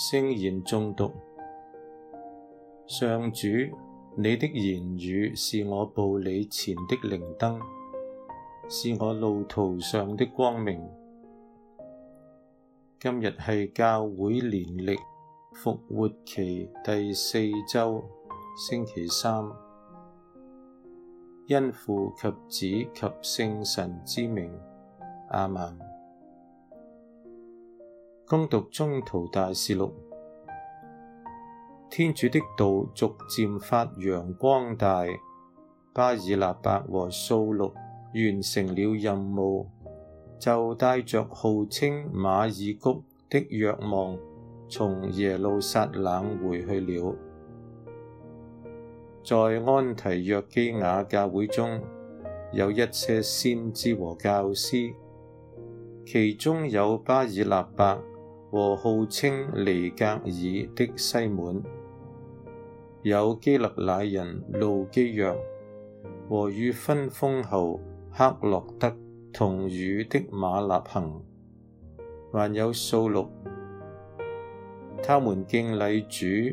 聖言誦讀。上主，你的言語是我步履前的靈燈，是我路途上的光明。今日係教會年曆復活期第四周，星期三，因父及子及聖神之名，阿們。恭讀宗徒大事錄，天主的道逐漸發揚光大。巴爾納伯和掃祿完成了任務，就帶着號稱馬爾谷的若望，從耶路撒冷回去了。在安提約基雅教會中，有一些先知和教師，其中有巴爾納伯。和號稱尼革爾的西滿，有基勒乃人路基約，和與分封侯黑落德同乳的瑪納恆，還有掃祿。他們敬禮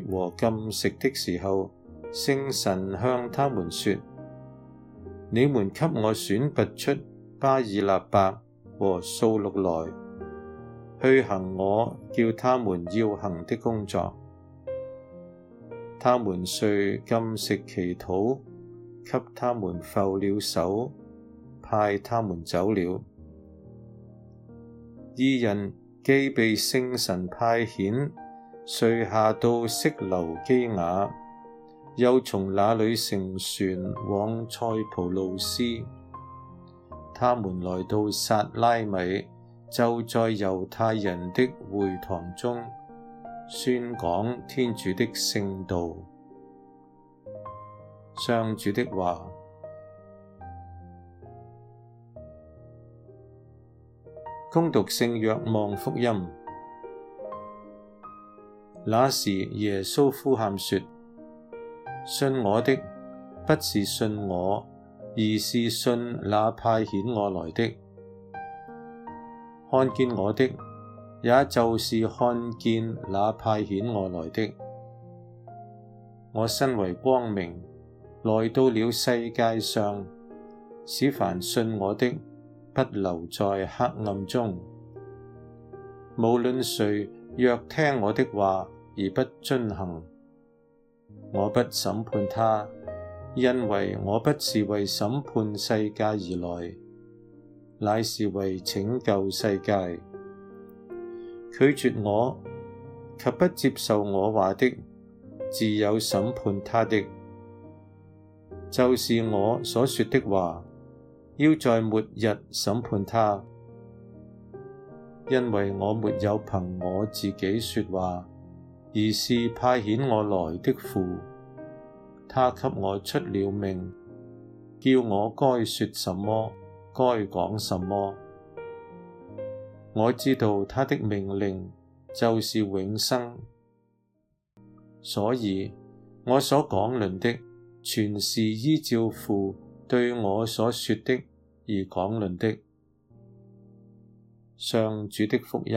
主和禁食的時候，聖神向他們說：你們給我選拔出巴爾納伯和掃祿來。推行我叫他們要行的工作，他們遂禁食祈禱，給他們覆了手，派他們走了。二人既被聖神派遣，遂下到色婁基雅，又從那裏乘船往塞浦路斯。他們來到撒拉米。就在猶太人的會堂中，宣講天主的聖道，上主的話。恭讀聖若望福音。那時，耶穌呼喊說：信我的，不是信我，而是信那派遣我來的。看見我的，也就是看見那派遣我來的。我身為光明，來到了世界上，使凡信我的，不留在黑暗中。無論誰若聽我的話而不遵行，我不審判他，因為我不是為審判世界而來，乃是為拯救世界，拒絕我及不接受我話的，自有審判他的，就是我所說的話，要在末日審判他，因為我沒有憑我自己說話，而是派遣我來的父，他給我出了命，叫我該說什麼。該講什麼。我知道他的命令就是永生，所以我所講論的，全是依照父對我所說的而講論的。上主的福音。